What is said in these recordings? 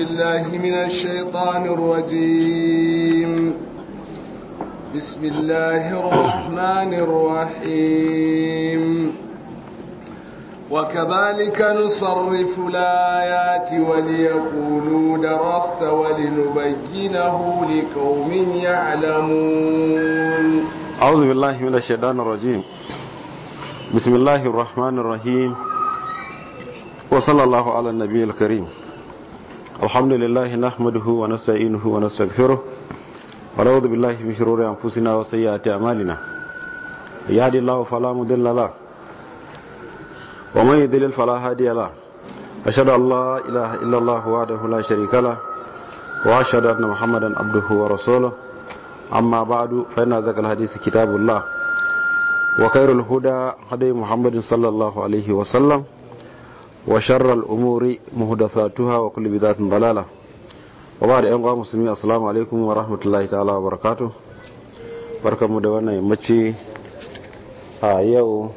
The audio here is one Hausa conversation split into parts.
بالله من الشيطان الرجيم بسم الله الرحمن الرحيم وكذلك نصرف الآيات وليقولوا درست ولنبينه لقوم يعلمون أعوذ بالله من الشيطان الرجيم بسم الله الرحمن الرحيم وصلى الله على النبي الكريم الحمد لله نحمده ونستعينه ونستغفره ونعوذ بالله من شرور أنفسنا وسيئات أعمالنا يهدي الله فلا مضل له ومن يضلل فلا هادي له أشهد أن لا إله إلا الله وحده لا شريك له وأشهد أن محمدا عبده ورسوله أما بعد فإن ذاك الحديث كتاب الله وخير الهدى هدي محمد صلى الله عليه وسلم وشر الأمور مهدثاتها وكل بذات ضلالة وبعد أنقى مسلمين السلام عليكم ورحمة الله تعالى وبركاته بركة مدونة يمتشي آيو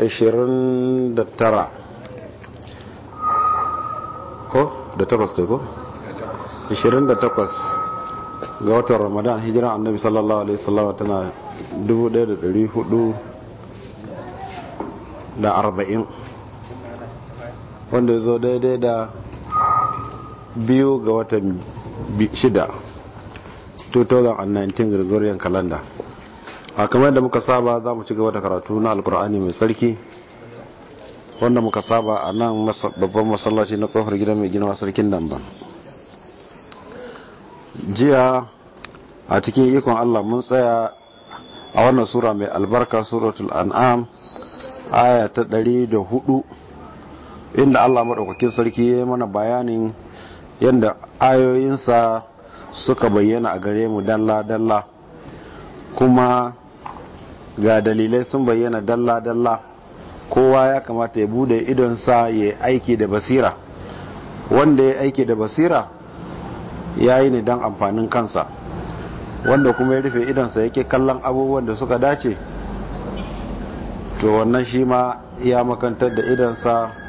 عشرين دترع كو ko da takwas kai ko 28 ga watan ramadan hijira annabi دو alaihi wasallam دو 1440 wanda ya zo daidai da biyu ga watan shida 2019 gregorian calendar a kamar da muka saba za mu ci gaba da karatu na alkur'ani mai sarki wanda muka saba a nan babban masallaci na kofar gidan mai gina sarkin nan ba jiya a cikin ikon allah mun tsaya a wannan sura mai albarka suratul an'am aya ta 104 inda Allah maɗaukakin sarki ya yi mana bayanin yadda ayoyinsa suka bayyana a gare mu dalla-dalla kuma ga dalilai sun bayyana dalla-dalla kowa ya kamata ya bude idonsa ya aiki da basira wanda ya aiki da basira ya yi ne don amfanin kansa wanda kuma ya rufe idonsa ke kallon abubuwan da suka dace to wannan shi ma ya makantar da idonsa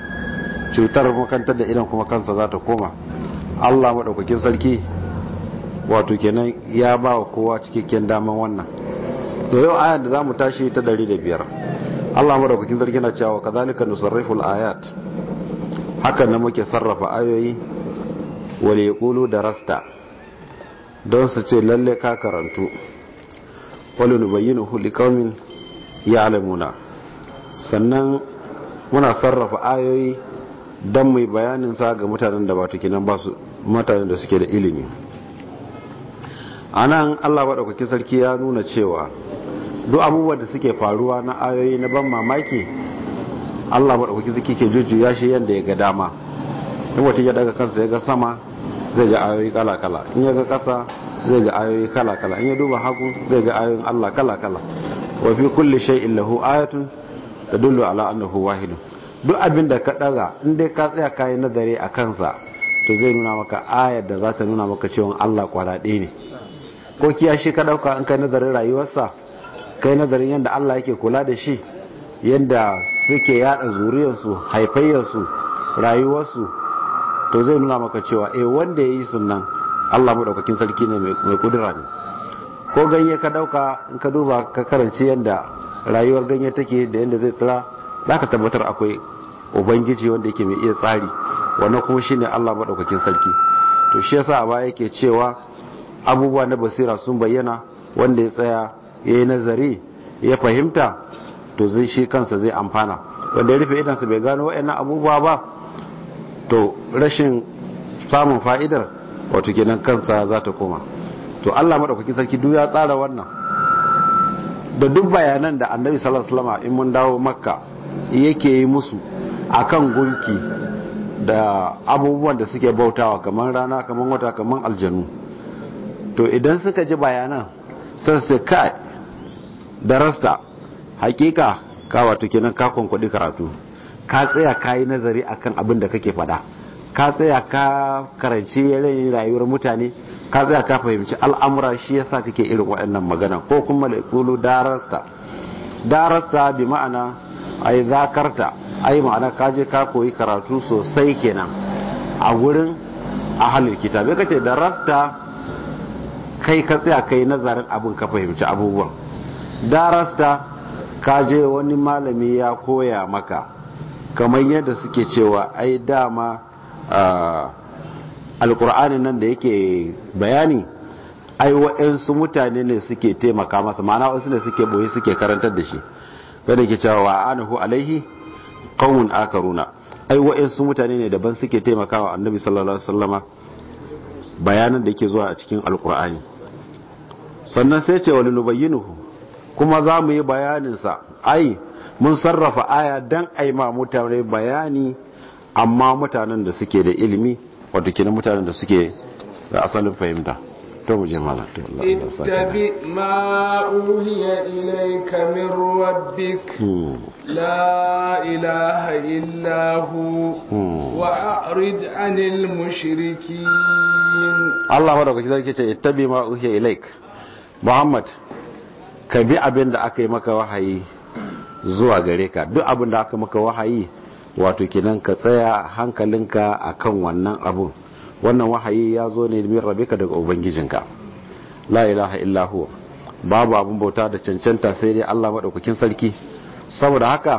cutar makantar da idan kuma kansa za ta koma allah maɗaukakin sarki wato kenan ya ba wa kowa cikakken daman wannan da yau ayat da za mu tashi ta dari da biyar allah maɗaukakin sarki na cewa kazalika nusarriful ayat hakan na muke sarrafa ayoyi wale kulu da rasta don su ce lalle ka karantu wale nubayyinu ya alamuna sannan muna sarrafa ayoyi don mai bayanin sa ga mutanen da ba tukinan ba su mutanen da suke da ilimi a nan allah maɗaukakin sarki ya nuna cewa duk abubuwan da suke faruwa na ayoyi na ban mamaki allah maɗaukakin sarki ke ya shi yadda ya ga dama in wata ya daga kansa ya ga sama zai ga ayoyi kala-kala in ya ga ƙasa zai ga ayoyi kala-kala in ya duba hagu zai ga ayoyin allah kala-kala wafi fi kulli lahu ayatun dullu ala annahu wahidun duk abin da ka ɗaga inda ka tsaya ka yi nazari a kansa to zai nuna maka ayar da za ta nuna maka cewa allah kwaraɗe ne ko kiya shi ka ɗauka in kai nazarin rayuwarsa kai nazarin yadda allah yake kula da shi yadda suke yada zuriyarsu haifayyarsu rayuwarsu to zai nuna maka cewa eh wanda ya yi sunan allah maɗaukakin sarki ne mai kudura ne ko ganye ka ɗauka in ka duba ka karanci yadda rayuwar ganye take da yadda zai tsira za ka tabbatar akwai ubangiji wanda yake mai iya tsari wannan kuma shine Allah maɗaukakin sarki to shi yasa a baya yake cewa abubuwa na basira sun bayyana wanda ya tsaya yayi nazari ya fahimta to zai shi kansa zai amfana wanda ya rufe idansa bai gano wayannan abubuwa ba to rashin samun fa'idar wato kenan kansa za ta koma to Allah madaukakin sarki duk ya tsara wannan da duk bayanan da Annabi sallallahu in mun dawo Makka yake yi musu akan gunki da abubuwan da suke bautawa kamar rana kamar wata kamar aljanu to idan suka ji bayanan sun su kai da rasta hakika ka wato kenan ka kuɗi karatu ka tsaya ka yi nazari a kan abin da kake faɗa ka tsaya ka karanci yanayin rayuwar mutane ka tsaya ka fahimci al'amura shi ya sa kake irin waɗannan magana ko kuma laikulu darasta darasta bi ma'ana a yi zakarta ai ma'ana ka ka koyi karatu sosai kenan a gurin halin kitab ka ce da rasta kai ka tsaya kai nazarin abin ka fahimci abubuwan da rasta ka wani malami ya koya maka kamar yadda suke cewa ai dama alkur'ani nan da yake bayani ai wa'yansu mutane ne suke taimaka masa ma'ana wasu ne suke boye suke karantar da shi kada ke cewa wa anahu alaihi qaumun akaruna ai wa'ansu mutane ne daban suke taimakawa annabi sallallahu alaihi wasallama bayanan da yake zuwa a cikin alqur'ani sannan sai ce walil nubayyinuhu kuma za mu yi bayanin sa ai mun sarrafa aya dan ai ma mutane bayani amma mutanen da suke da ilimi wato kenan mutanen da suke da asalin fahimta توجه مالا اتبع ما أوهي إليك من ربك لا إله إلا هو وأعرض عن المشركين الله ورحمة كذلك اتبع ما أوهي إليك محمد ka bi abinda aka yi maka wahayi zuwa gare ka duk abinda aka maka wahayi wato kinan ka tsaya hankalinka akan wannan abun wannan wahayi ya zo ne min ka daga ubangijinka la ilaha illa huwa babu abun bauta da cancanta sai dai Allah madaukakin sarki saboda haka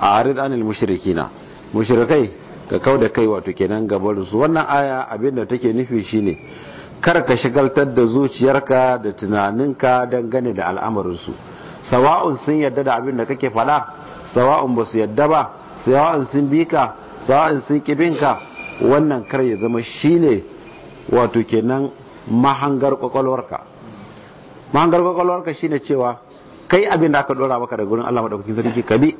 a arid anil mushrikina mushrikai ka kauda kai wato kenan gabar su wannan aya abinda take nufi shine kar ka shigaltar da zuciyarka da tunaninka dangane da al'amarin su sawa'un sun yadda da abin da kake fada sawa'un basu su yadda ba sawa'un sun bi ka sawa'un sun kibinka wannan kar ya zama shine wato kenan mahangar kwakwalwarka mahangar kwakwalwarka shine cewa kai abin da aka dora maka daga gurin Allah madaukakin sarki ka bi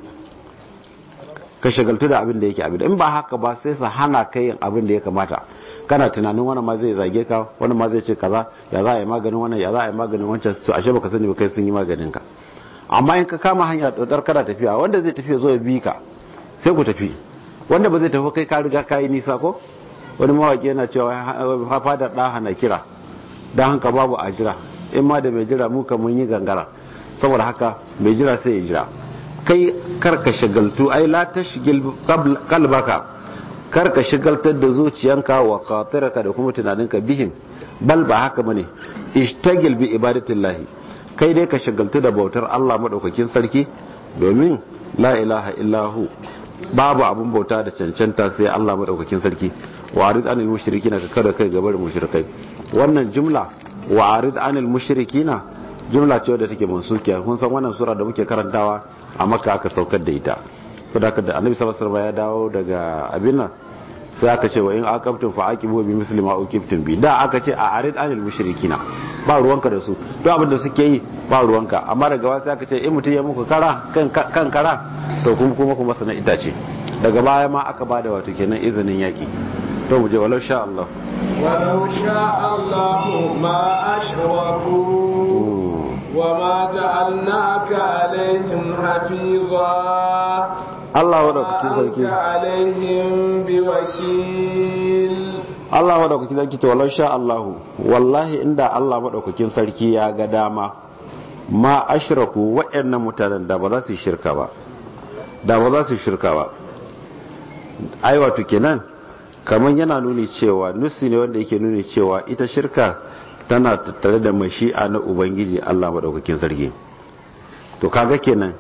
ka shagaltu da abin da yake abin in ba haka ba sai su hana kai yin abin da ya kamata kana tunanin wani ma zai zage ka wani ma zai ce kaza ya za a yi maganin wannan ya za a yi maganin wancan su ashe baka sani ba kai sun yi maganin ka amma in ka kama hanya dodar kana tafiya wanda zai tafiya zo ya bi ka sai ku tafi wanda ba zai tafi kai ka riga ka yi nisa ko wani mawaki yana cewa hafa da na kira don hanka babu a jira in ma da mai jira ka mun yi gangara saboda haka mai jira sai ya jira kai karka shagaltu ai la ta shigil kalbaka karka shigaltar da zuciyanka wa kafiraka da kuma tunaninka bihin bal ba haka bane ishtagil bi ibadatillahi kai dai ka shagaltu da bautar Allah madaukakin sarki domin la ilaha illahu babu abun bauta da cancanta sai Allah madaukakin sarki arid anil mushrikina ka kada kai gaba da mushrikai wannan jumla arid anil mushrikina jumla ce wadda take mansukiya kun san wannan sura da muke karantawa a makka aka saukar da ita saboda da annabi sallallahu alaihi wasallam ya dawo daga abin sai aka ce wa in aqabtum fa aqibu bi misli ma uqibtum bi da aka ce a arid anil mushrikina ba ruwanka da su to abin da suke yi ba ruwanka amma daga wasu sai aka ce in mutum ya muku kara kan kara to kuma kuma kuma sana itace daga baya ma aka bada wato kenan izinin yaki to mu je walau sha Allah walau sha Allah ma ashraku hmm. wa ma ja'alnaka alaihim hafiza Allah madaukakin sarki Allah wa Allah sarki to wallahi sha Allah wallahi inda Allah madaukakin sarki ya ga dama ma ashraku wa'annan mutanen da ba za su shirka ba da ba za su shirka ba ai wato kenan kaman yana nuni cewa nusi ne wanda yake nuni cewa ita shirka tana tattare da mashi'a na ubangiji Allah madaukakin sarki to kaga kenan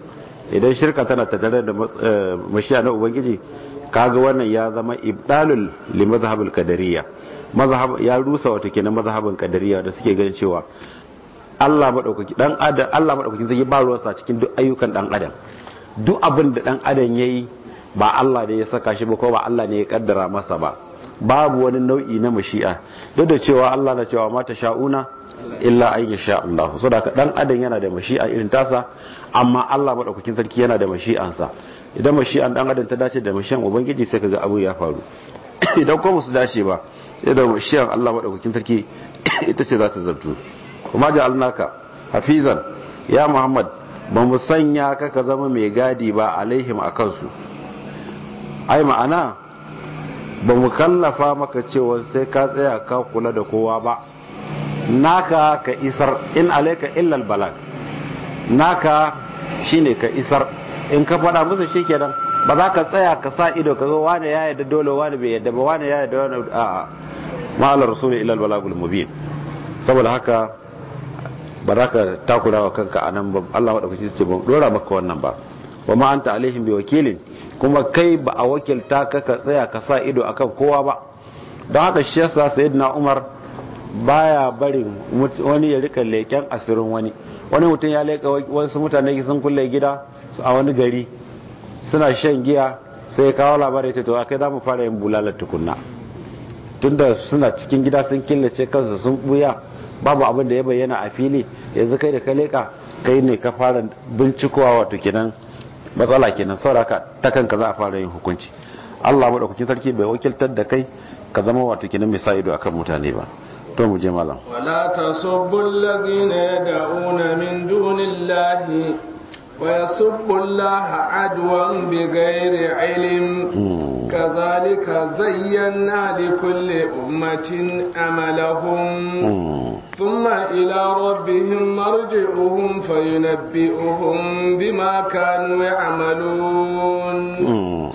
idan shirka tana tattare da eh, mashiya na ubangiji kaga wannan ya zama ibdalul li mazhabul qadariyya mazhab ya rusa wato kenan mazhabin qadariyya da suke ganin cewa Allah madaukaki dan adam Allah madaukaki zai ba sa cikin duk ayyukan dan adam duk abin da dan adam yayi ba Allah ne ya saka shi ba ko ba Allah ne ya kaddara masa ba babu wani nau'i na mashi'a duk da cewa Allah na cewa mata sha'una illa an yasha Allah so da dan adam yana da mashi'a irin tasa amma Allah madaukakin sarki yana da mashi'ansa idan mashi'an dan adam ta dace da mashi'an ubangiji sai kaga abu ya faru idan ko su dace ba sai da mashi'an Allah madaukakin sarki ita ce za ta zartu kuma ja alnaka hafizan ya Muhammad ba mu sanya ka ka zama mai gadi ba alaihim a kansu ai ma'ana ba mu kallafa maka cewa sai ka tsaya ka kula da kowa ba naka ka isar in alaika illal balag naka shine ka isar in ka faɗa musu shikenan ba za ka tsaya ka sa ido ka ga wani ya yadda dole wani bai yadda ba wani ya yadda wane a'a ma'alar rasul illal balagul mubin saboda haka ba za ka takura wa kanka a nan ba Allah maɗaukaki ce ba dora maka wannan ba wa ma anta alaihim bi wakilin kuma kai ba a wakilta ka ka tsaya ka sa ido akan kowa ba don haka shi yasa sayyidina Umar baya barin wani ya rika leken asirin wani wani mutum ya leka wasu mutane sun kulle gida a wani gari suna shan giya sai ya kawo labarai ta to akai za mu fara yin bulalar tukunna tunda suna cikin gida sun killace kansu sun buya babu abin da ya bayyana a fili yanzu kai da ka leka kai ne ka fara bincikowa wato kenan matsala kenan sauraka ta kanka za a fara yin hukunci Allah madaukakin sarki bai wakiltar da kai ka zama wato kenan mai sa ido akan mutane ba to mu je malam wala tasubbu alladhina da'una min dunillahi wa yasubbu allaha adwan bighairi ilm hmm. kadhalika zayyana li kulli ummatin amalahum hmm. thumma ila rabbihim marji'uhum fayunabbi'uhum bima kanu ya'malun hmm.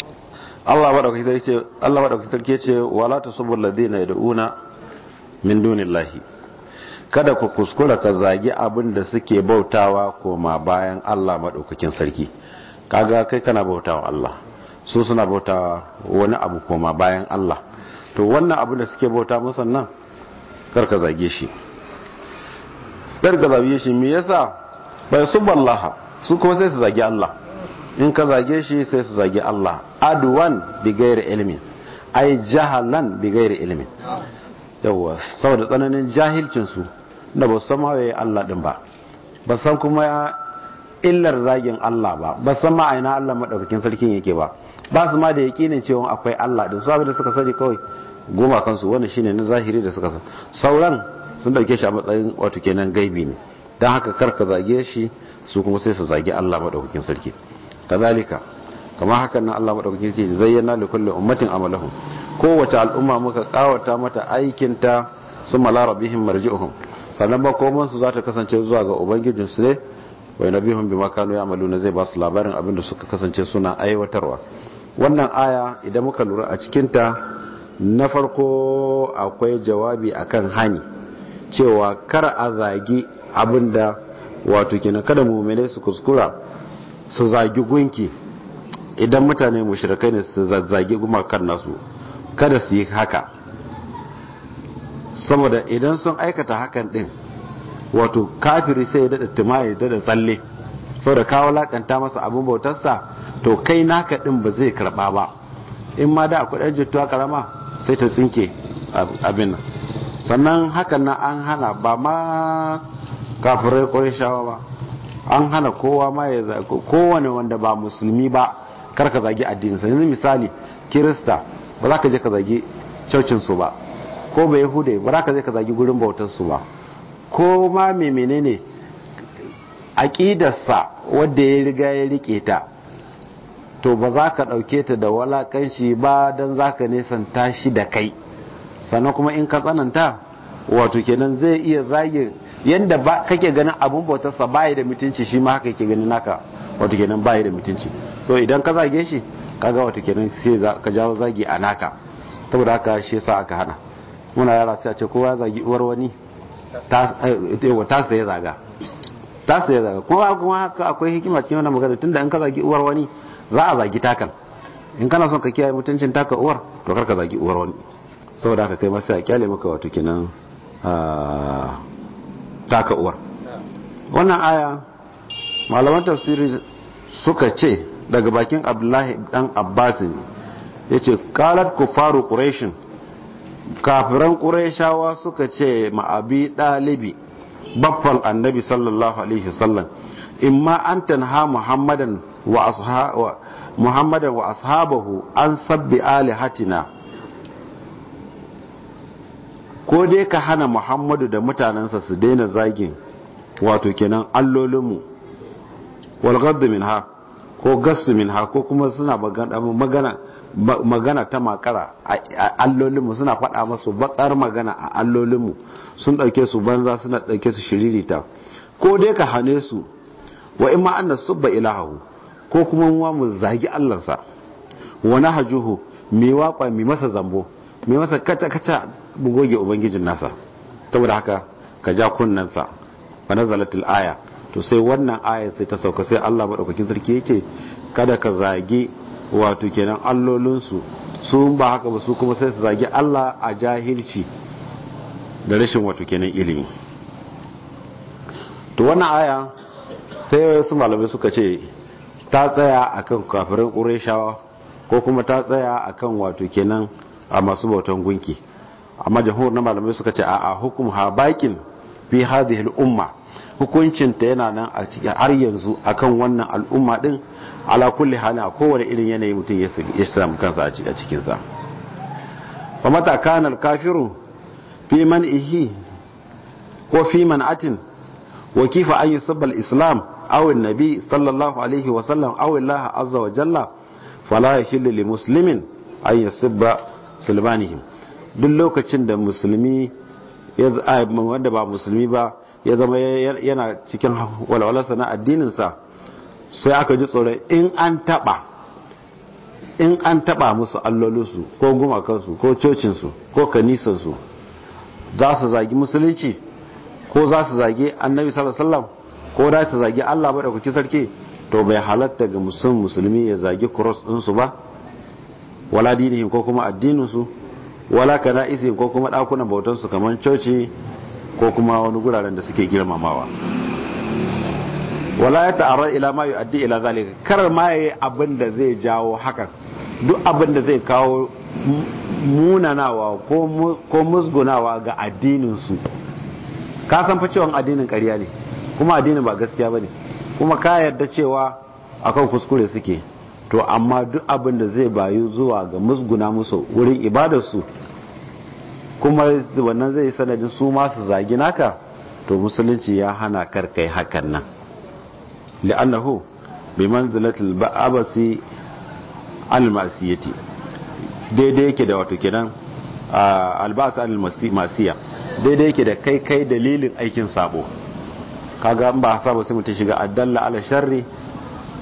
Allah madaukakin sarki ce wala tasubbu alladhina da'una min dunillahi kada ku kuskura ka zagi abin da suke bautawa koma bayan Allah madaukakin sarki kaga kai kana bautawa Allah su suna bautawa wani abu koma bayan Allah to wannan abun da suke bauta musan nan karka zage shi karka zage shi me yasa bai suballaha su kuma sai su zagi Allah in ka zage shi sai su zagi Allah adwan bi ghairi ilmi ai jahalan bi ghairi ilmin yawwa saboda tsananin jahilcinsu da ba su san mawaye Allah din ba ba san kuma illar zagin Allah ba ba san ma aina Allah madaukakin sarkin yake ba ba su ma da yakinin cewa akwai Allah ɗin saboda suka sani kawai goma kansu wannan shine na zahiri da suka san sauran sun dauke shi a matsayin wato kenan gaibi ne dan haka karka zage shi su kuma sai su zagi Allah madaukakin sarki kazalika kamar hakan nan Allah madaukakin sarki zayyana li kulli ummatin amalahu. kowace al'umma muka kawata mata aikinta su malarabihim marji'uhum sannan makomansu za ta kasance zuwa ga ubangijinsu ne wai bihun bi makanu ya malu na zai ba su labarin abinda suka kasance suna aiwatarwa wannan aya idan muka lura a cikinta na farko akwai jawabi akan hani cewa kar a zagi abinda wato kenan kada mummune su kuskura su zagi gunki idan mutane mushrikai ne su zagi gumakan nasu kada su yi haka saboda idan sun aikata hakan din wato kafiri sai ya dada tuma ya dada tsalle saboda kawo lakanta masa abin bautarsa to kai naka din ba zai karba ba in ma da akwai jittuwa karama sai ta tsinke abin nan sannan hakan nan an hana ba ma kafirai shawa ba an hana kowa ma ya kowane wanda ba musulmi ba karka zagi addinsa yanzu misali kirista ba za ka je ka zagi cocin su ba ko ba yahude ba za ka je ka zagi gurin bautar su ba ko ma me ne aqidarsa wanda ya riga ya riƙe ta to ba za ka ɗauke ta da walakanci ba don za ka nesanta tashi da kai sannan kuma in ka tsananta wato kenan zai iya zagin yadda ka kake ganin abin bautarsa baya da mutunci shi ma haka ke ganin naka wato kenan baya da mutunci so idan ka zage shi kaga wata kenan sai ka jawo zagi a naka saboda haka shi yasa aka hana muna yara sai a ce kowa zagi uwar wani ta eh, sai zaga ta sai zaga kuma kuma haka akwai hikima cikin wannan magana tunda in ka zagi uwar wani za a zagi takan in kana son ka kiyaye mutuncin taka uwar to kar ka zagi uwar wani saboda haka kai ma sai a kyale maka wato kenan ah, taka uwar wannan aya malaman tafsiri suka ce daga bakin abdullahi dan abbas ne ya ce kalat kufaru ƙureshin kafiran ƙureshawa suka ce ma'abi ɗalibi Babban annabi sallallahu alaihi sallam in ma an tanha muhammadan wa ashabahu an sabbi alihatina ko dai ka hana muhammadu da mutanensa su daina zagin wato kenan allolinmu walgaddu min ha ko gasu min ha ko kuma suna magana ta makara a allolinmu suna faɗa masu bakar magana a allolinmu sun ɗauke su banza suna ɗauke su shiririta ko dai ka hane su wa ima an annas subba ilahu ko kuma wa mu zagi allansa wa nahjuhu mai wakwa mai masa zambo mai masa kaca kaca mu goge ubangijin nasa saboda haka ka ja kunnansa fa nazalatil aya to sai wannan ayar sai ta sauka sai Allah madaukakin sarki yake kada ka zage wato kenan allolinsu su ba haka ba su kuma sai su zagi Allah a jahilci da rashin wato kenan ilimi to wannan aya ta yi wasu malamai suka ce ta tsaya akan kafirin ƙureshawa ko kuma ta tsaya akan wato kenan a masu bautan gunki amma jihun na malamai suka ce a hukum ha bakin fi hadhihi al-umma hukuncin ta yana nan a cikin har yanzu akan wannan al'umma din ala kulli hali a kowane irin yanayi mutum ya samu kansa a cikinsa fa mata kana al-kafiru fi man ihi ko fi man atin wa kifa an yusabba islam aw an-nabi sallallahu alaihi wa sallam aw azza wa jalla fala yahillu li muslimin an yusabba sulmanihim duk lokacin da musulmi ya wanda ba musulmi ba ya zama yana cikin walwalarsa na addininsa sai aka ji tsoron in an taɓa in an taba musu allolinsu ko gumakansu ko cocinsu ko kanisansu za su zagi musulunci ko za su zagi annabi sallallahu ko za su zagi allah Bada maɗaukaki sarki to bai halatta ga musulmi musulmi ya zagi cross ɗinsu ba wala dinihim ko kuma addininsu wala kana isi ko kuma dakunan bautansu kamar coci ko kuma wani guraren da suke girmamawa wala ya ta'arar ila ma yu'addi ila zalika kar ma yayi abin da zai jawo hakan duk abin da zai kawo munanawa ko musgunawa ga addinin su ka san fa cewa addinin karya ne kuma addinin ba gaskiya bane kuma ka yarda cewa akan kuskure suke to amma duk abin da zai bayu zuwa ga musguna musu wurin ibadarsu kuma wannan zai sanadin su masu zagi naka to musulunci ya hana karkai hakan nan li'annahu bi manzilatil ba'abasi almasiyati daidai yake da wato kenan albasa almasiya daidai yake da kai kai dalilin aikin sabo kaga an ba sabo sai mutum shiga addalla ala sharri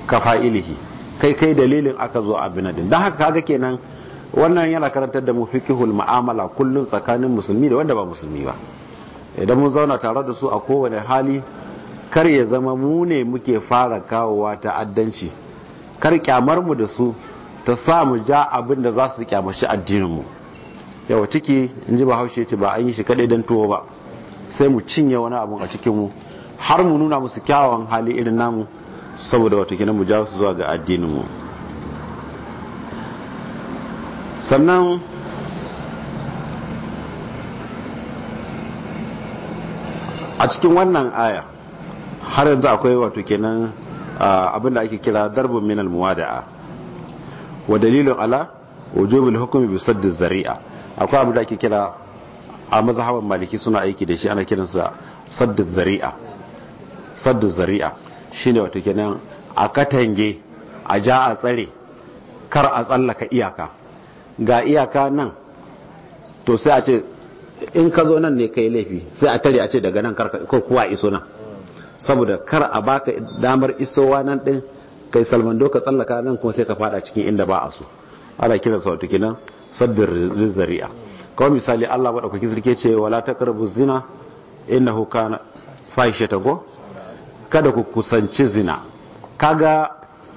ka fa'ilihi kai kai dalilin aka zo abin din dan haka kaga kenan wannan yana karantar da mu fiqhul mu'amala kullun tsakanin musulmi da wanda ba musulmi ba idan mun zauna tare da su a kowane hali kar ya zama mu ne muke fara kawowa ta'addanci kar kyamar mu da su ta sa mu ja abin da za su kyamashi addinin mu yawa ciki in ji ba haushe ce ba an yi shi kadai dan tuwo ba sai mu cinye wani abu a cikin mu har mu nuna musu kyawawan hali irin namu saboda wata kina mu ja su zuwa ga addinin mu sannan a cikin wannan aya har yanzu akwai wato kenan abinda ake kira darbin minal muwada'a wa dalilin ala wujubul hukmi bi sadd zari'a akwai abinda ake kira a mazhaban maliki suna aiki da shi ana kiransa sadd zari'a sadd zari'a shine wato kenan a katange a ja a tsare kar a tsallaka iyaka ga iyaka nan to sai a ce in ka zo nan ne kai laifi sai a tare a ce daga nan ko kuwa iso nan saboda kar a baka damar isowa nan din kai salmando ka tsallaka nan kuma sai ka fada cikin inda ba a so ala kira sau tuki nan saddar zari'a kawai misali Allah madaukakin zirke ce wala karbu zina innahu kana ta go kada ku kusanci zina kaga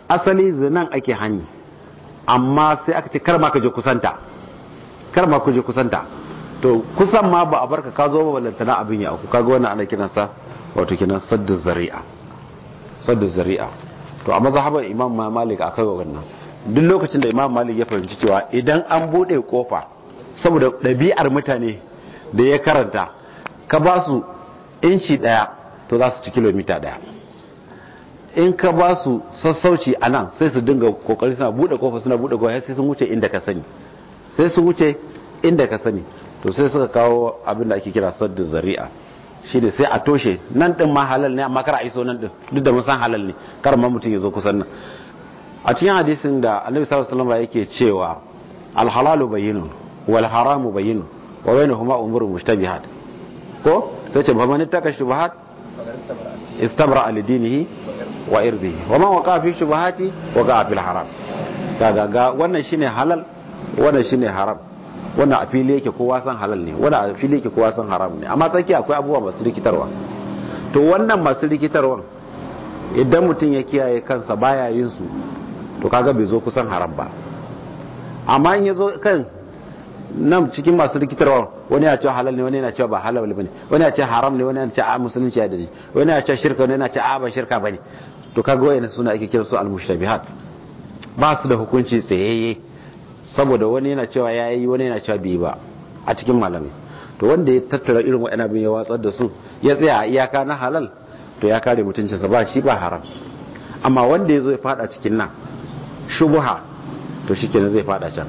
asali zinan ake hani amma sai aka ce kar ma ka je kusanta kar ma ku je kusanta to kusan ma ba a barka ka zo ba wallantana abin ya ku kaga wannan ana sa wato kinan saddu zari'a saddu zari'a to a mazhaban imam malik ga wannan duk lokacin da imam malik ya fahimci cewa idan an bude kofa saboda dabi'ar mutane da ya karanta ka ba su inci ɗaya to za su ci kilomita daya in ka ba su sassauci a nan sai su dinga kokari suna bude kofa suna bude kofa sai sun wuce inda ka sani sai sun wuce inda ka sani to sai suka kawo abin da ake kira saddu zari'a shi ne sai a toshe nan ɗin ma halal ne amma kar a iso nan din duk da musan halal ne kar ma mutum ya zo kusan nan a cikin hadisin da annabi sallallahu alaihi wasallam yake cewa al halalu bayyinun wal haramu bayyinun wa bainahuma umurun mushtabihat ko sai ce fa man ittaka istabra al wa irdi wa man waqa fi shubahati waqa fi haram kaga ga wannan shine halal wannan shine haram wannan a fili yake kowa san halal ne wannan a fili yake kowa san haram ne amma tsaki akwai abubuwa masu rikitarwa to wannan masu rikitarwa idan mutum ya kiyaye kansa baya yin su to kaga bai zo kusan haram ba amma in ya zo kan nan cikin masu rikitarwa wani ya ce halal ne wani yana cewa ba halal ne wani ya ce haram ne wani yana ce a musulunci ya daji wani ya ce shirka wani yana ce a ba shirka bane to kaga wayannan suna ake su al-mushtabihat ba su da hukunci tsayayye saboda wani yana cewa yayi wani yana cewa bai ba a cikin malami. to wanda ya tattara irin wayannan bin ya watsar da su ya tsaya a iyaka na halal to ya kare mutuncinsa ba shi ba haram amma wanda ya zo ya fada cikin nan shubuha to shikenan zai fada can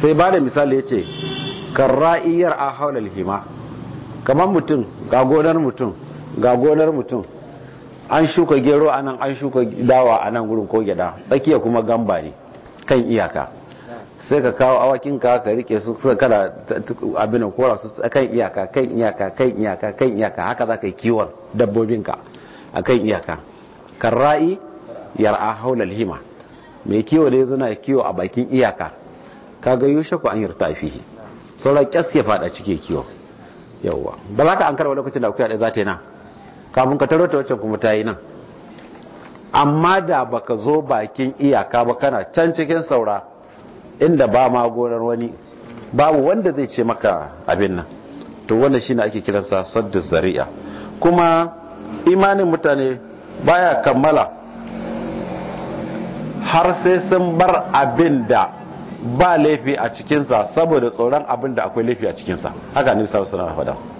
sai ba da misali ya ce karra'iyar a haular hima kamar mutum ga gonar mutum ga gonar mutum an shuka gero a nan an shuka dawa a nan gurin ko gyada tsakiya kuma gamba ne kan iyaka sai ka kawo awakin ka rike su suka kada abin kora su kan iyaka kan iyaka kan iyaka kan iyaka haka za ka yi kiwon dabbobinka a kan iyaka kan ra'i yar'a haular hima mai kiwo da ya zuna kiwo a bakin iyaka kaga yushe ko an yi fihi sauran kyas ya fada cike kiwo yawwa ba za ka an karwa lokacin da akuya da za ta yi na kafin ka ta wacce kuma ta yi nan amma da baka zo bakin iyaka ba kana can cikin saura inda ba ma gonar wani babu wanda zai ce maka abin nan to wannan shine ake kiransa saddu zari'a kuma imanin mutane baya kammala har sai sun bar abin da ba laifi a cikinsa saboda tsoron abin da akwai laifi a cikinsa haka ne sallallahu alaihi faɗa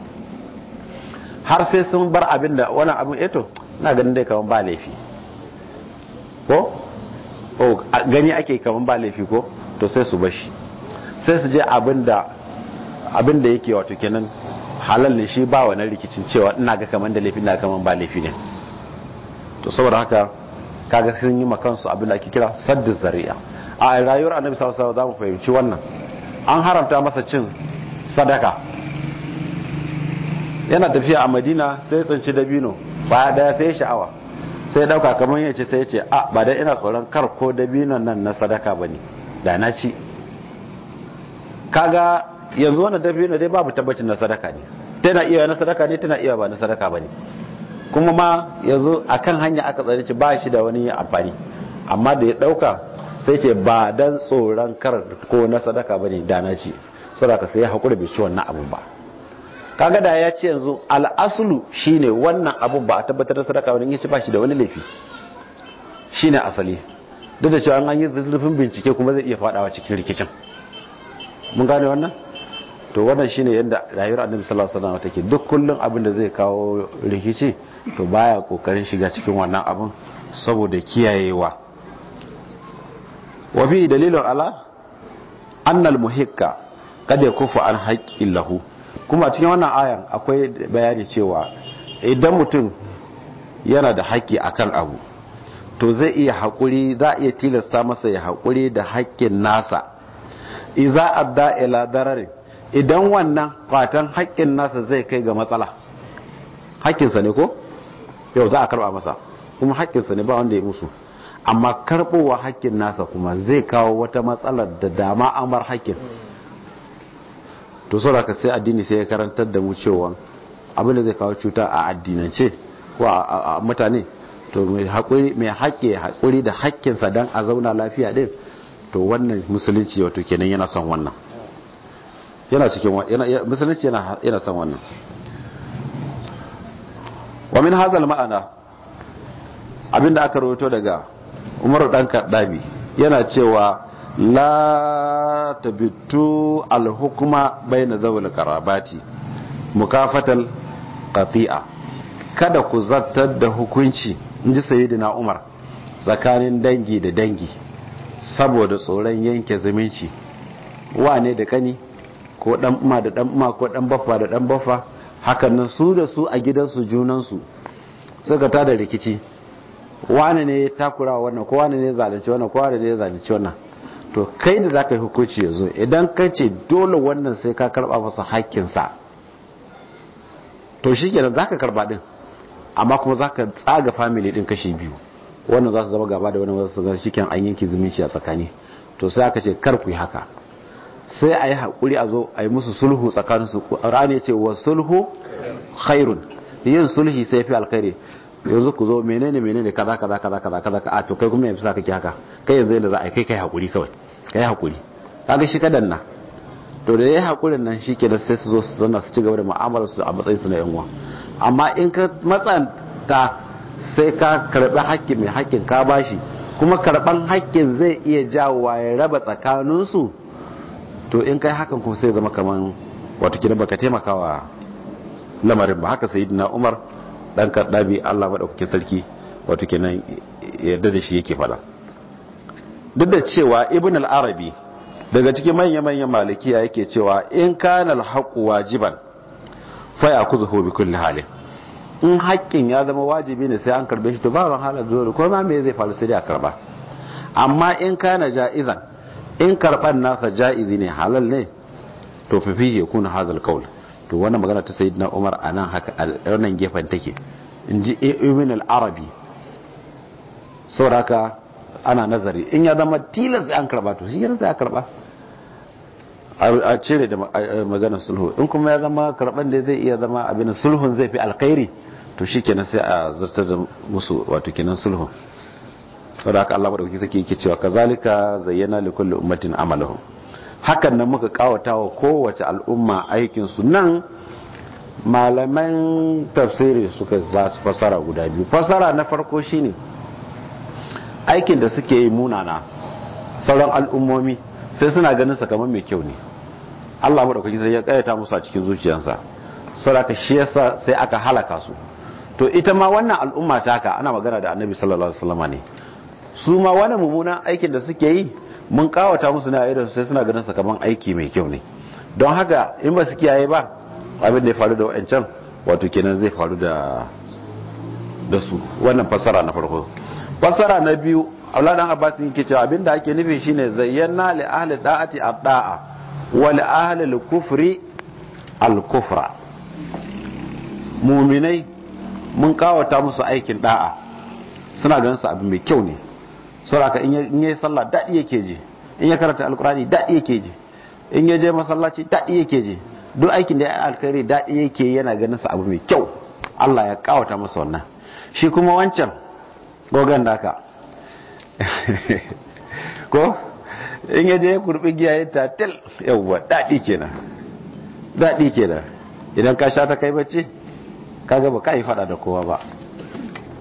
har sai sun bar abin da wani abin eto eh na ganin dai kaman ba laifi ko o gani ake kaman ba laifi ko to sai su bashi sai su je abin da yake wato kenan halal ne shi ba wani rikicin cewa ina ga kaman da laifi ina kaman ba laifi ne to saboda haka kaga sun yi makansu abin da ake kira saddu zari'a a rayuwar annabi sallallahu alaihi za mu fahimci wannan an haramta masa cin sadaka yana tafiya a madina sai tsinci dabino ba daya sai sha'awa sai dauka kamar yace sai yace a ah, ba dai ina tsoron kar ko dabinon nan na sadaka bane da na ci kaga yanzu wannan dabino dai babu tabbacin na sadaka ne tana iya na sadaka ne tana iya ba na sadaka bane kuma ma yanzu akan hanya aka tsare ci ba shi da wani amfani amma da ya dauka sai ce ba dan tsoron kar ko na sadaka bane da na ci saboda ka sai hakuri bai ci wannan abun ba kaga da ya ce yanzu al'aslu shine wannan abun ba a tabbatar da sadaka wani yace ba shi da wani laifi shine asali duk da cewa an yi zurfin bincike kuma zai iya fadawa cikin rikicin mun gane wannan to wannan shine yadda rayuwar annabi sallallahu alaihi wasallam take duk kullun abin da zai kawo rikici to baya kokarin shiga cikin wannan abin saboda kiyayewa wa fi dalilun ala annal muhikka kada ya kufa an haqqi lahu kuma cikin wannan ayan akwai bayani cewa idan mutum yana da haƙƙi akan abu to zai iya haƙuri za a iya tilasta masa ya haƙuri da haƙƙin nasa iza adda ila dararin idan wannan kwatan haƙƙin nasa zai kai ga matsala haƙƙinsa ne ko yau za a karɓa masa kuma haƙƙinsa ne ba wanda ya musu amma karɓowa haƙƙin nasa kuma zai kawo wata matsalar da dama an bar haƙƙin to saboda sai addini sai ya karantar da mu cewa abin zai kawo cuta a addinance ko a mutane to mai haƙe haƙuri da haƙƙinsa don a zauna lafiya ɗin to wannan musulunci wato kenan yana son wannan yana cikin musulunci yana son wannan wa min hazal ma'ana abinda aka rawaito daga umaru ɗan kaɗabi yana cewa la tabittu alhukuma bayna zawul karabati mukafatal qati'a kada ku zartar da hukunci inji sayyidina Umar tsakanin dangi da dangi saboda tsoron yanke zumunci wane da kani ko dan uma da dan uma ko dan baffa da dan baffa hakan nan su da su a gidansu junansu suka tada rikici wane ne ya takura wannan ko wane ne ya zalunci wannan ko wane ne ya zalunci wannan to kai da za ka yi hukunci yanzu idan ka ce dole wannan sai ka karba masa haƙƙinsa to shikenan ka karba din amma kuma za ka tsaga family ɗin kashi biyu wannan za su zama gaba da wannan su shi shikenan an yanki zumunci a tsakani to sai aka ce kar ku yi haka sai a yi haƙuri a zo a yi musu sulhu tsakaninsu ra'ani ya ce wa sulhu khairun yin sulhi sai fi alkhairi yanzu ku zo menene menene kaza kaza kaza kaza kaza a to kai kuma yanzu ka ke haka kai yanzu yadda za a yi kai kai haƙuri kawai ka yi haƙuri kaga shi kadan na to da ya yi haƙurin nan shi da sai su zo su zanna su ci gaba da mu'amalar su a matsayin su na yan uwa amma in ka matsanta sai ka karɓi haƙƙi mai haƙƙin ka bashi kuma karɓan haƙƙin zai iya jawowa ya raba tsakaninsu to in ka yi hakan kuma sai zama kamar wato kina baka taimakawa lamarin ba haka sayidina Umar dan kardabi Allah madaukakin sarki wato kenan yarda da shi yake faɗa duk da cewa ibn al-arabi daga cikin manya-manyan malikiya yake cewa in kana al-haqqu wajiban fa ya'khudhuhu bi kulli halin in haƙƙin ya zama wajibi ne sai an karbe shi to ba ran halar dole ko ma me zai faru sai a karba amma in kana ja'izan in karban nasa ja'izi ne halal ne to fa ya kuna hadha al to wannan magana ta sayyidina Umar anan haka wannan gefen take inji ibn al-arabi saboda ana nazari in ya zama tilas an karba to shi sai a karba a cire da maganar sulhu in kuma ya zama karban da zai iya zama abin sulhun zai fi alkhairi to shi kenan sai a zartar da musu wato kenan sulhun saboda haka da madauki sake yake cewa kazalika zayyana likulli ummatin amalahum hakan nan muka kawata wa kowace al'umma aikin su nan malaman tafsiri suka fasara guda biyu fasara na farko shine aikin da suke yi munana sauran al'ummomi sai suna ganin kamar mai kyau ne Allah madaukaki sai ya ƙayyata musu a cikin zuciyarsa saboda shi yasa sai aka halaka su to ita ma wannan al'umma ta taka ana magana da Annabi sallallahu alaihi wasallam ne su ma wani mummunan aikin da suke yi mun kawata musu na irin sai suna ganin kamar aiki mai kyau ne don haka in ba su kiyaye ba abin da ya faru da wancan wato kenan zai faru da da su wannan fassara na farko fassara na biyu Abdullahi dan Abbas yake cewa abinda ake nufi shine zayyana li ahli da'ati ad-da'a wa li ahli al-kufri al-kufra mu'minai mun kawata musu aikin da'a suna ganin su abu mai kyau ne saboda in yayi sallah dadi yake ji in ya karanta alqur'ani dadi yake ji in ya je masallaci dadi yake ji duk aikin da ya alkhairi dadi yake yana ganin su abu mai kyau Allah ya kawata masa wannan shi kuma wancan Gogon naka ko in yaje ya kurbi giya ya tatil yawwa daɗi kenan daɗi kenan idan ka sha ta kai bacci gaba ba yi fada da kowa ba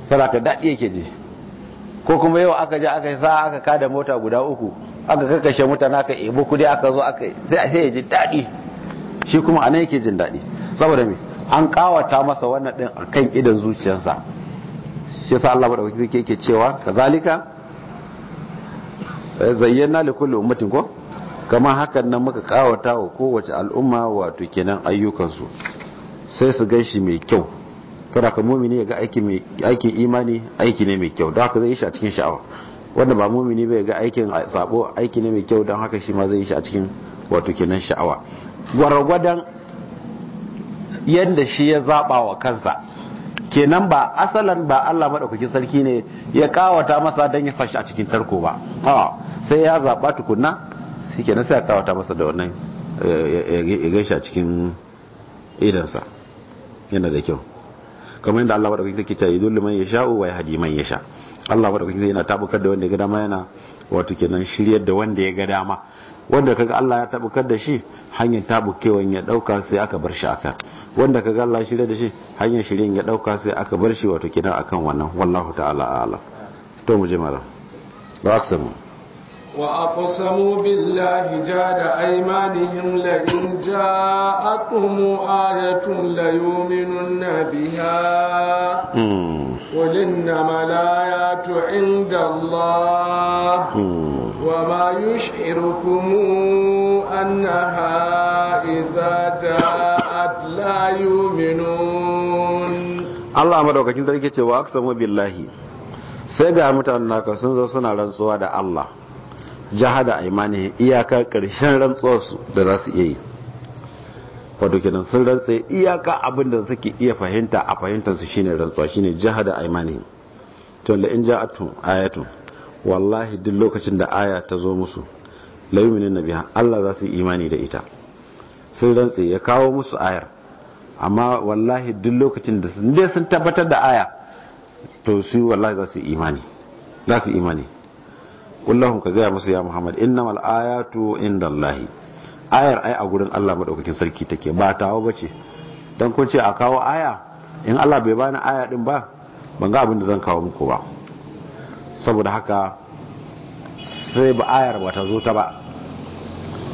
saraka daɗi yake ji ko kuma yau aka je aka sa aka kada mota guda uku aka kakashe mutane aka ebo kudi aka zo aka sai sai ya ji daɗi shi kuma anan yake jin daɗi saboda me an kawata masa wannan a akan idan zuciyarsa shi sa Allah madaukakin sarki yake cewa kazalika zayyana li kulli ummatin ko kama hakan nan muka kawata wa kowace al'umma wato kenan ayyukansu sai su gan shi mai kyau tara ka mumini ya ga aikin imani aiki ne mai kyau don haka zai yi shi a cikin sha'awa wanda ba mumini bai ga aikin sabo aiki ne mai kyau don haka shi ma zai yi shi a cikin wato kenan sha'awa gwargwadon yadda shi ya zaba wa kansa kenan ba asalan ba Allah madaukakin sarki ne ya kawata masa don ya sashi a cikin tarko ba sai ya zaba tukunna shi kenan sai ya kawata masa da wannan eh, ya gaishe a cikin idansa yana da kyau kamar yadda Allah madaukakin sarki ta yi man ya sha'u wa yahdi man yasha sha Allah madaukakin sarki yana tabukar da wanda ya ga dama yana wato kenan shiryar da wanda ya ga dama wanda kaga Allah ya tabukar da shi hanyar tabukewan ya dauka sai aka bar shi aka wanda kaga Allah ya shirye da shi hanyar shirin ya dauka sai aka bar shi wato kidan akan wannan wallahu ta'ala a'lam to mu je mara wa aqsamu wa aqsamu billahi jada aymanihim la in ja'akum ayatun la yu'minun biha قل إنما الآيات inda Allah. Hmm. وما يشعركم أنها إذا جاءت لا يؤمنون الله مدوكاكين ذلك cewa aksamu billahi sai ga mutanen naka sun zo suna rantsuwa da Allah jahada imani iyaka ƙarshen rantsuwarsu da za su iya yi wato kenan sun rantse iyaka abin da suke iya fahimta a fahimtar shine rantsuwa shine jahada imani to la in ja'atun ayatun wallahi duk lokacin da aya ta zo musu laiminin na biya Allah za su yi imani da ita sun rantse ya kawo musu ayar amma wallahi duk lokacin da sun sun tabbatar da aya to su wallahi za su yi imani za su imani kullahun ka gaya musu ya muhammad innamal ayatu allahi ayar ai a gurin Allah madaukakin sarki take ba tawo bace dan kun ce a kawo aya in Allah bai bani aya din ba ban ga abin da zan kawo muku ba saboda haka sai ba ayar ba ta zo ta ba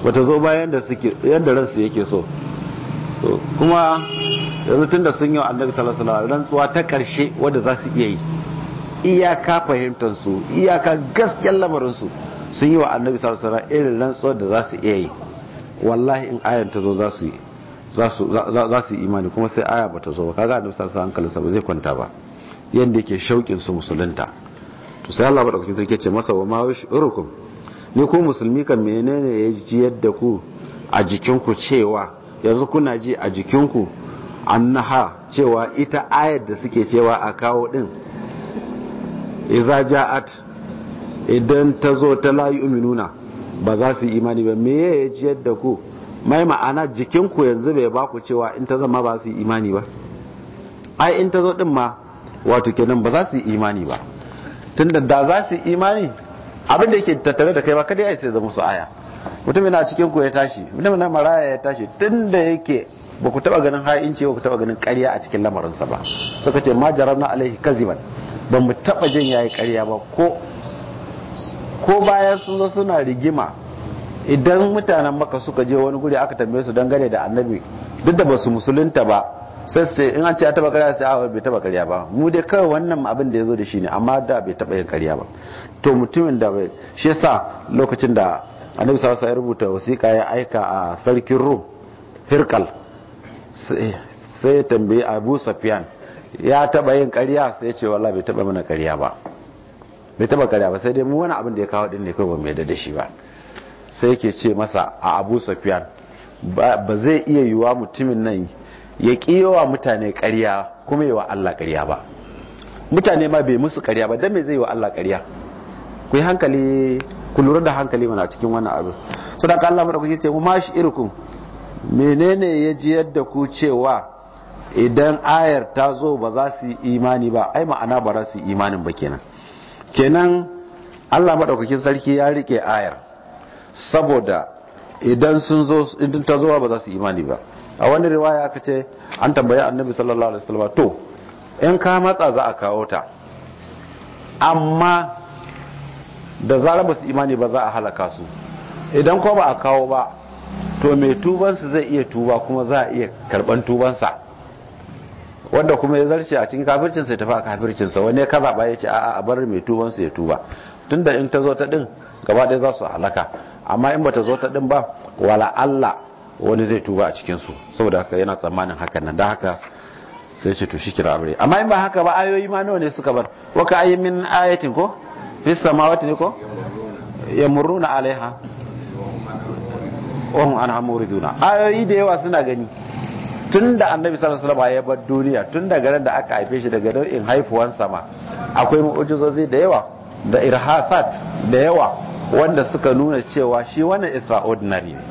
ba ta zo ba yadda ransu yake so kuma yanzu tun da sun yi annabi salasala alaihi rantsuwa ta karshe wadda za su iya yi iyaka fahimtar iyaka gaskiyar lamarin sun yi wa annabi sallallahu irin rantsuwar da za su iya yi wallahi in ayar ta zo za su yi imani kuma sai aya ba ta zo ba kaga annabi salasala an kalisa ba zai kwanta ba yadda yake shauƙinsu musulunta to sai Allah madaukakin sarki ce masa wa mawish urukum ni ku musulmi kan menene ya ji yadda ku a jikinku cewa yanzu kuna ji a jikinku annaha cewa ita ayat da suke cewa a kawo din iza ja'at idan ta zo ta la yu'minuna ba za su yi imani ba me ya ji yadda ku mai ma'ana jikinku yanzu bai baku cewa in ta zama ba su yi imani ba ai in ta zo din ma wato kenan ba za su yi imani ba Tun da za su imani abin da yake tattare da kai ba kada ya sai zama su aya mutum yana cikin ku ya tashi mutum yana maraya ya tashi tun da yake ba ku taba ganin ha'inci ba ku taba ganin karya a cikin lamarinsa ba suka ce ma jarabna alaihi kaziban ba mu taba jin yayi karya ba ko bayan sun zo suna rigima idan mutanen maka suka je wani guri aka tambaye su dangane da annabi duk da ba su musulunta ba sassai in an ce a taba karya sai a bai taba karya ba mu dai kawai wannan abin da ya zo da shi ne amma da bai taba yin karya ba to mutumin da bai shi yasa lokacin da annabi sallallahu ya rubuta wasiƙa ya aika a sarkin rum hirkal sai ya tambayi abu safiyan ya taba yin karya sai ya ce wallahi bai taba mana karya ba bai taba karya ba sai dai mu wani abin da ya kawo din ne kawai ba mu da shi ba sai yake ce masa a abu safiyan ba zai iya yiwa mutumin nan ya kiyowa mutane ƙarya kuma yi wa Allah ƙarya ba mutane ma bai musu ƙarya ba dan me zai yi wa Allah ƙarya ku yi hankali ku lura da hankali mana cikin wannan abu so ka Allah mu ce ma shi irkun menene ya ji yadda ku cewa idan ayar ta zo ba za su yi imani ba ai ma'ana ba za su yi imanin ba kenan kenan Allah maɗaukakin sarki ya rike ayar saboda idan sun zo idan ta zo ba za su yi imani ba a wani riwaya aka ce an tambayi annabi sallallahu alaihi wasallam to in ka matsa za a kawo ta amma da zarar ba su imani ba za a halaka su idan ko ba a kawo ba to mai tubansu zai iya tuba kuma za a iya karban tubansa wanda kuma ya zarce a cikin kafircinsa ya tafi a sa wani ya kaza ba ya ce a'a a bar mai tubansu ya tuba tunda in ta zo ta din gaba ɗaya za su halaka amma in bata zo ta din ba wala Allah wani zai tuba a cikinsu saboda haka yana tsammanin hakan nan da haka sai ce to shi kira amri amma in ba haka ba ayoyi ma nawa ne suka bar waka ayi min ayatin ko fi samawati ne ko muruna alaiha wa hum anha muriduna ayoyi da yawa suna gani tun da annabi sallallahu alaihi wasallam ya bar duniya tun da garin da aka haife shi daga nau'in haifuwan sama akwai mu'ujizozi da yawa da irhasat da yawa wanda suka nuna cewa shi wannan extraordinary ne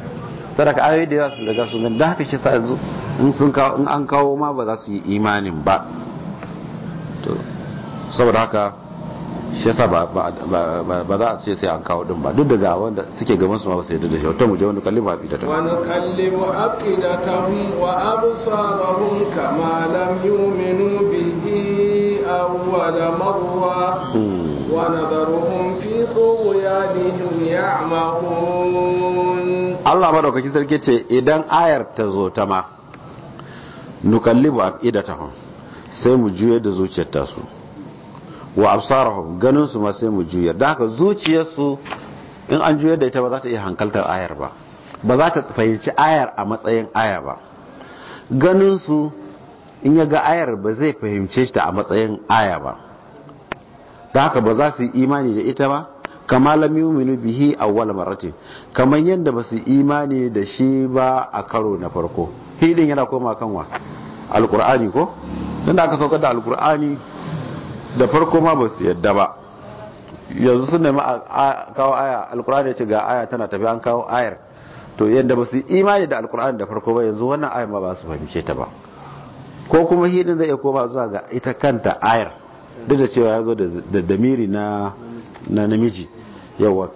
saboda ka ayoyi da yawa sun daga sun da haka shi sa yanzu in an kawo ma ba za su yi imanin ba to saboda haka shi yasa ba za a ce sai an kawo din ba duk daga wanda suke gaban su ma ba su yarda da shi wata muje wani kalli kalli wani kallimu aqidata wa nukallimu aqidatahum wa absarahum kama lam yu'minu bihi da maruwa hmm. wa nadharuhum fi ya ya'mahun Allah madaukaki sarki ce idan ayar ta zo ta ma nukallibu afidatahum sai mu juye da zuciyar ta su wa absarahum ganin su ma sai mu juyar da haka zuciyar su in an juye da ita ba za ta iya hankaltar ayar ba ba za ta fahimci ayar a matsayin aya ba ganin su in ya ga ayar ba zai fahimce ta a matsayin aya ba da haka ba za su yi imani da ita ba kama lam yu'minu bihi awwal marratin kaman yanda basu imani da shi ba a karo na farko hidin yana koma kan wa alqur'ani ko dan aka sauka da alqur'ani da farko ma basu yadda ba yanzu sun nemi kawo aya alqur'ani ya ce ga aya tana tafi an kawo ayar to yadda ba su imani da alkur'ani da farko ba yanzu wannan ayar ma ba su fahimce ta ba ko kuma hidin zai iya koma zuwa ga ita kanta ayar duk da cewa ya zo da damiri na namiji yawa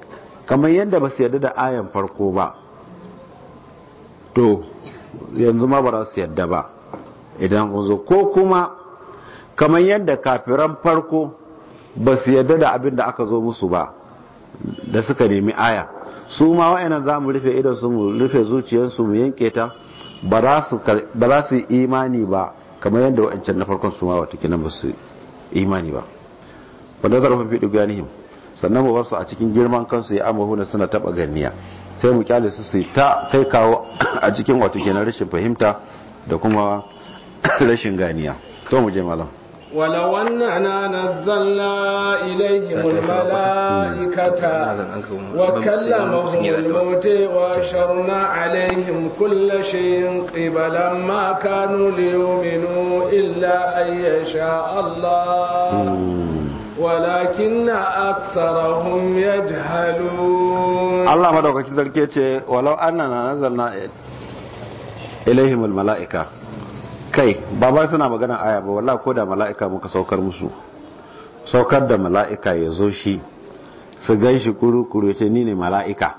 kamar yadda ba su yarda da ayan farko ba to yanzu ma ba za su yadda ba idan kun zo ko kuma kamar yadda kafiran farko ba su yadda da abin da aka zo musu ba da suka nemi aya su ma wa'annan za mu rufe idansu mu rufe zuciyarsu mu yanke ta ba za su yi imani ba kamar yadda wa'ancan na farkon su ma wata kinan ba su imani ba wa nazarhum fi ganihim sannan mu basu a cikin girman kansu ya amahuna suna taɓa ganiya sai mu kyale su su ta kai kawo a cikin wato kenan rashin fahimta da kuma rashin ganiya to mu je malam ولو أننا نزلنا إليهم الملائكة وكلمهم الموت وأشرنا عليهم كل شيء قبلا ما كانوا ليؤمنوا إلا أن يشاء الله ولكن أكثرهم يجهلون الله ما دوكا كذلك ولو أننا نزلنا إليهم الملائكة kai ba ba suna magana aya ba wallahi ko da mala'ika muka saukar musu saukar da mala'ika ya zo shi su gan shi kuru-kuru ya ce ni ne mala'ika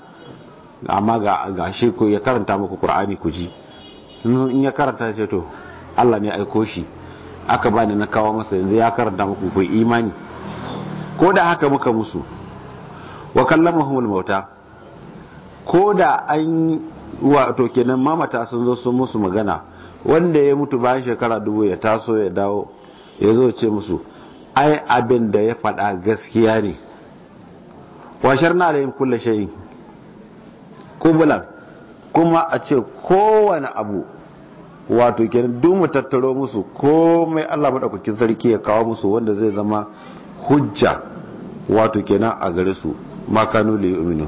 amma ga shi ko ya karanta muku ƙur'ani ku ji in ya karanta ce to Allah ne aiko shi aka bani na kawo masa yanzu ya karanta muku ku imani ko da haka muka musu wa kallamahumul mauta ko da an wato kenan mamata sun zo sun musu magana wanda ya mutu bayan shekara dubu ya taso ya dawo ya zo ce musu ai abin da ya faɗa gaskiya ne washar na da yin kulle shayi kubulan kuma a ce kowane abu wato kenan duk mu tattaro musu komai Allah maɗaukakin sarki ya kawo musu wanda zai zama hujja wato kenan a gare su makanu li yu'minu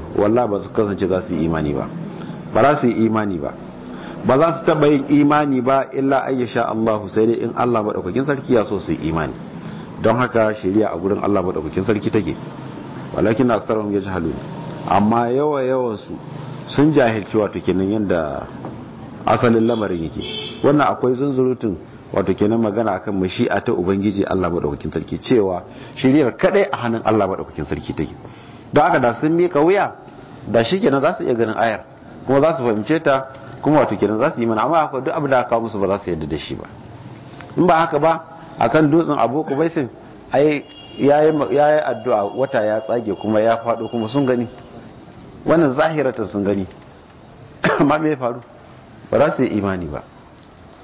ba su kasance za su yi imani ba ba za su yi imani ba ba za su taba yin imani ba illa sha Allah sai dai in Allah madaukakin sarki ya so su yi imani don haka shari'a a gurin Allah madaukakin sarki take walakin aksarun yajhalun amma yawa yawan su sun jahilci wato kenan yanda asalin lamarin yake wannan akwai zunzurutun wato kenan magana akan mashi'a ta ubangiji Allah madaukakin sarki cewa shiriyar kaɗai a hannun Allah madaukakin sarki take don haka da sun mika wuya da shi kenan za su iya ganin ayar kuma za su fahimce ta kuma wato kenan za su yi mana amma akwai duk abin da aka kawo musu ba za su yarda da shi ba in ba haka ba akan dutsen bai kubaisin ai ya yi addu'a wata ya tsage kuma ya faɗo kuma sun gani wannan zahiratan sun gani amma me faru ba za su yi imani ba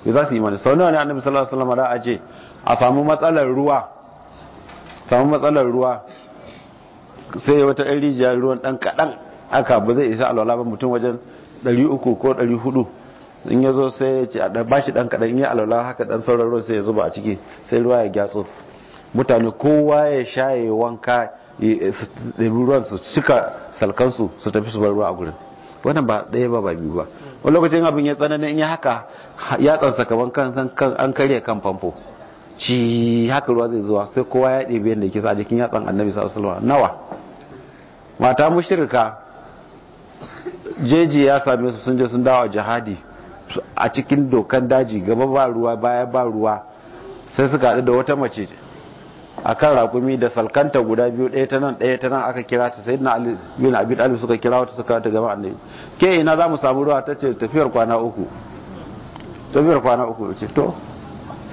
ba za su yi imani sau nawa ne annabi sallallahu alaihi wasallam da a ce a samu matsalar ruwa samu matsalar ruwa sai wata ɗan rijiyar ruwan ɗan kaɗan aka ba zai isa alwala ba mutum wajen 300 ko 400 in ya zo sai ya ce a bashi dan kadan kaɗan ya alwala haka dan sauran ruwan sai ya zuba a ciki sai ruwa ya gyatso mutane kowa ya shaye wanka dabi ruwan su suka salkansu su tafi su bar ruwa a gurin wannan ba ɗaya ba ba biyu ba wani lokacin abin ya tsanani in ya haka ya tsansa kaman kan an karya kan famfo ci haka ruwa zai zuwa sai kowa ya ɗebe yadda yake sa jikin yatsan annabi sallallahu alaihi wasallam nawa mata mushirka jeji ya same su sun je sun dawo jihadi a cikin dokan daji gaba ba ruwa baya ba ruwa sai suka haɗu da wata mace a kan rakumi da salkanta guda biyu ɗaya ta nan ɗaya ta nan aka kira ta sai na bin abin alif suka kira wata suka ta gama annabi ke ina za mu samu ruwa ta ce tafiyar kwana uku tafiyar kwana uku ce to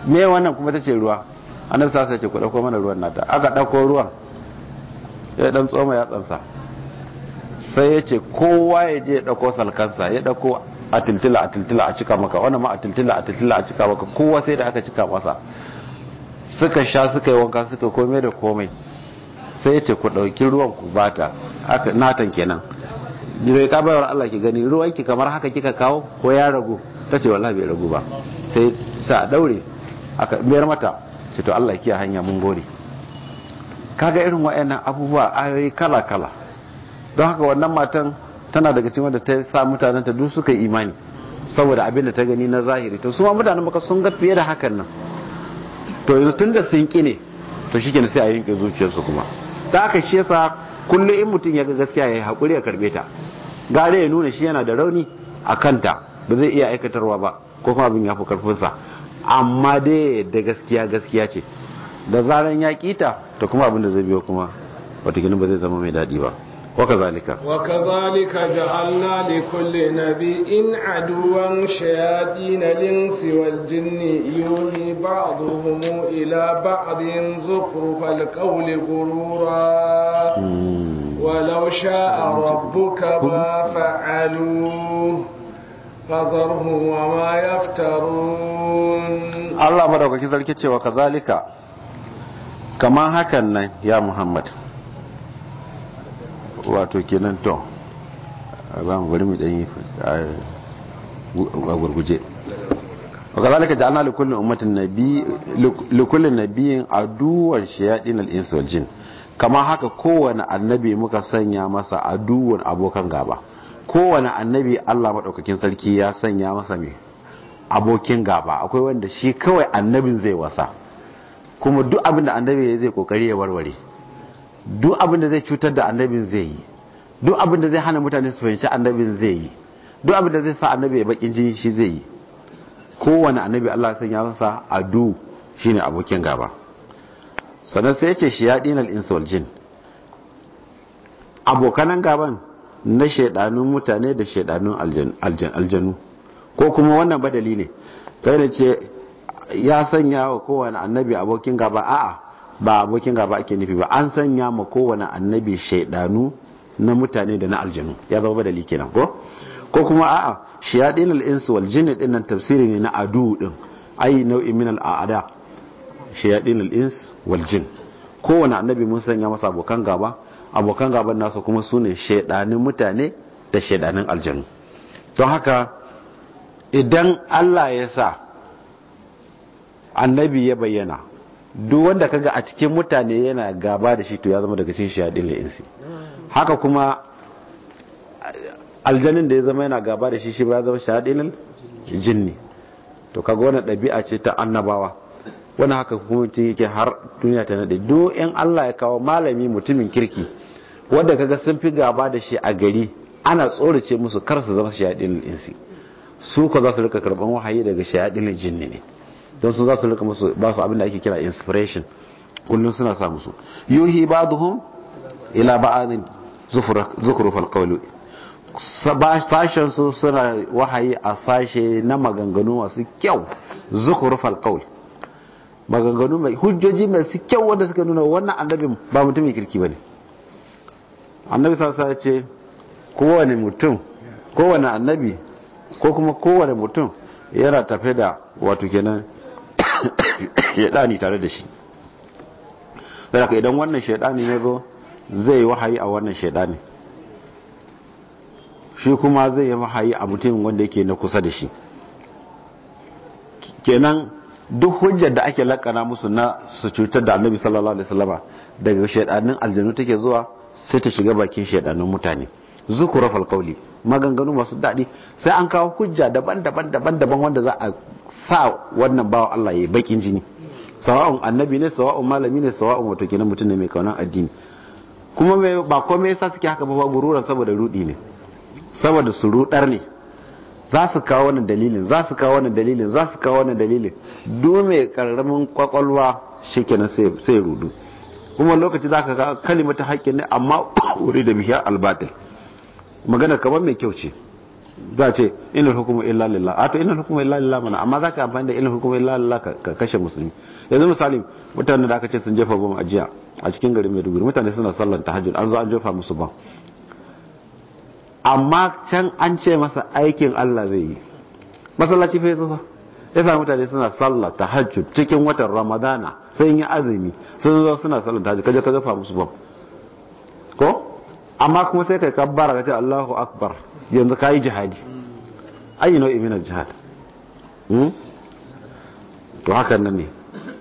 me wannan kuma ta ce ruwa annabi sa ce ku ɗauko mana ruwan nata aka ɗauko ruwan ya ɗan tsoma ya tsansa sai ya ce kowa ya je ya ɗauko salkansa ya ɗauko a tiltila a tiltila a cika maka wani ma a tiltila a tiltila a cika maka kowa sai da aka cika masa suka sha suka yi wanka suka komai da komai sai ya ce ku ɗauki ruwan ku bata natan kenan bai ka Allah ki gani ruwan ki kamar haka kika kawo ko ya ragu ta ce wallahi bai ragu ba sai sa daure aka mayar mata ce to Allah kiya hanya mun gode kaga irin wa'annan abubuwa ayoyi kala kala don haka wannan matan tana daga cikin wanda ta sa mutanen ta duk suka yi imani saboda abin da ta gani na zahiri to su ma mutanen maka sun ga fiye da hakan nan to yanzu tun da sun ki ne to shikenan sai a yanke zuciyarsu kuma da aka shi yasa kullum in mutum ya ga gaskiya ya yi hakuri ya karbe ta gare ya nuna shi yana da rauni a kanta ba zai iya aikatarwa ba ko kuma abin ya fi karfinsa amma dai da gaskiya gaskiya ce da zaran ya kita to kuma abin da zai biyo kuma watakila ba zai zama mai daɗi ba وكذلك وكذلك جعلنا لكل نبي عدوا شياطين الإنس والجن يوحي بعضهم إلى بعض زخرف القول غرورا ولو شاء ربك ما فعلوه فذرهم وما يفترون الله مدوكي ذلك وكذلك كما هكذا يا محمد wato kenan to ba mu bari mu dan yi a gurguje wa ja'alna li kulli ummatin nabi li kulli nabiyyin aduwan shayatin al-ins wal jin kama haka kowane annabi muka sanya masa aduwan abokan gaba kowane annabi Allah madaukakin sarki ya sanya masa me abokin gaba akwai wanda shi kawai annabin zai wasa kuma duk abin da annabi zai kokari ya warware duk abin da zai cutar da annabin zai yi duk abin da zai hana mutane su fahimci annabin zai yi duk abin da zai sa annabi ya bakin jini shi zai yi kowane annabi Allah san ya masa adu shine abokin gaba sannan sai ya ce shi ya dinal insul jin abokanan gaban na shedanun mutane da aljan, aljanu ko kuma wannan badali ne kai da ce ya sanya wa kowane annabi abokin gaba a'a ba abokin gaba ake nufi ba an sanya ma kowane annabi shaidanu na mutane da na aljanu ya zama ba dalili kenan ko ko kuma a'a shiyadin al insu wal jinn din nan tafsiri ne na adu din ai nau'in min al ada shiyadin al-ins wal jinn kowane annabi mun sanya masa abokan gaba abokan gaban nasa kuma sune shaidanin mutane da shaidanin aljanu don haka idan Allah ya sa annabi ya bayyana duk wanda kaga a cikin mutane yana gaba da shi to ya zama daga cikin shayadin insi haka kuma aljanin da ya zama yana gaba da shi shi ba ya zama shayadin jinni to kaga wannan ɗabi'a ce ta annabawa wani haka hukunci yake har duniya ta nade duk in Allah ya kawo malami mutumin kirki wanda kaga sun fi gaba da shi a gari ana tsorace musu kar su zama shayadin insi su ko za su rika karban wahayi daga shayadin jinni ne don su za su rika musu ba su abin da ake kira inspiration kullum suna sa musu yuhi duhun ila ba zukhruf al-qawl sashen su suna wahayi a sashe na maganganu masu kyau zukuru al maganganu mai hujjoji masu kyau wanda suka nuna wannan annabin ba mutumin kirki ba ne annabi sa ce kowane mutum kowane annabi ko kuma kowane mutum yana tafe da wato kenan shaidani tare da shi don idan wannan shaidani ya zo zai wahayi a wannan shaidani shi kuma zai yi wahayi a mutum wanda yake na kusa da shi kenan duk hujjar da ake lakana musu na su cutar da annabi sallallahu alaihi wasallama daga shaidanin aljannu take zuwa sai ta shiga bakin shaidanin mutane zukuraf alqawli maganganu masu daɗi sai an kawo hujja daban-daban daban-daban wanda za a sa wannan bawa Allah ya bakin jini sawa'un annabi ne sawa'un malami ne sawa'un wato kenan mutum ne mai kaunan addini kuma ba komai yasa suke haka ba gururan saboda rudi ne saboda su rudar ne za su kawo wannan dalilin za su kawo wannan dalilin za su kawo wannan dalilin dome karamin kwakwalwa shikenan sai rudu kuma lokaci za ka kalimata haƙƙin ne amma wuri da miya albatil magana kamar mai kyau ce za ce ina hukumu illa lillah a to ina hukumu illa lillah mana amma za ka amfani da ina hukumu illa lillah ka kashe musulmi yanzu misali mutane da aka ce sun jefa goma a jiya a cikin garin maiduguri mutane suna sallan tahajjud an zo an jefa musu ban amma can an ce masa aikin Allah zai yi masallaci fa yazo fa ya sa mutane suna sallah tahajjud cikin watan ramadana sai yi azumi sun zo suna sallanta tahajjud kaje ka jefa musu ban ko amma kuma sai kai kabbara ka ce Allahu akbar yanzu kayi jihadi ayi nau'i min jihad hmm? to hakan nan ne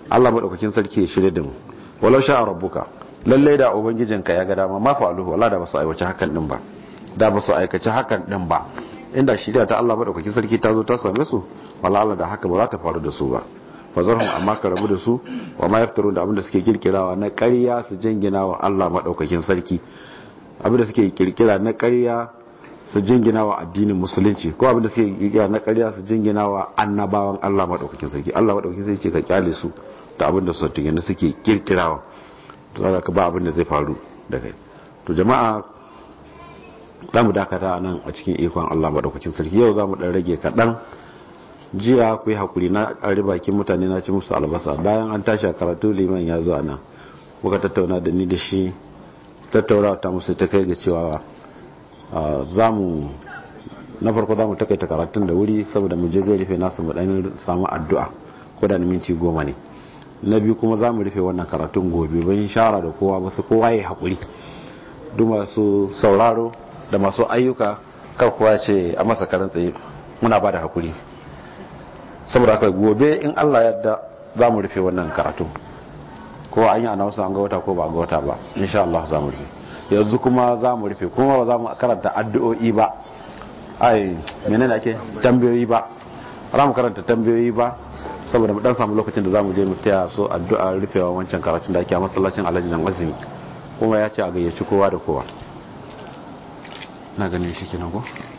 Allah maɗaukakin sarki ya shirya da mu walau sha'a rabbuka lallai da ubangijinka ya ga dama ma aluhu wala da basu aiwace hakan din ba da basu aikace hakan din ba inda shirya ta Allah maɗaukakin sarki ta zo ta same su wala Allah da haka ba za ta faru da su ba fazarhum amma ka rabu da su wa ma yaftarun da abin da suke kirkirawa na ƙarya su jingina wa Allah maɗaukakin sarki abinda suke kirkira na ƙarya su jingina wa addinin musulunci ko abinda suke kirkira na ƙarya su jingina wa annabawan Allah maɗaukakin sarki Allah maɗaukakin sarki ka kyale su da abinda su suke kirkirawa to za ka ba abinda zai faru da kai to jama'a za mu dakata a nan a cikin ikon Allah maɗaukakin sarki yau za mu ɗan rage kaɗan jiya ku yi hakuri na ari bakin mutane na ci musu albasa bayan an tashi a karatu liman ya zo a nan muka tattauna da ni da shi tattaunawa ta musu ta kai ga cewa za mu na farko za mu takaita karatun da wuri saboda mu je zai rufe nasu mu samu addu'a ko da minti goma ne na biyu kuma za mu rufe wannan karatun gobe ban shara da kowa ba su kowa ya haƙuri duk masu sauraro da masu ayyuka kar kowa ce a masa karan tsaye muna ba da haƙuri saboda haka gobe in allah yadda za mu rufe wannan karatun ko an yi anawusa an ga wata ko ba ga wata ba insha Allah za mu rufe yanzu kuma za mu rufe kuma ba za mu karanta addu'o'i ba ai ne ake tambayoyi ba za mu karanta tambayoyi ba saboda mu dan samu lokacin da za mu je mu taya so addu'a rufewa wancan karatun da ake a masallacin Alhaji Dan Azumi kuma ya ce a gayyaci kowa da kowa na ganin shi kenan ko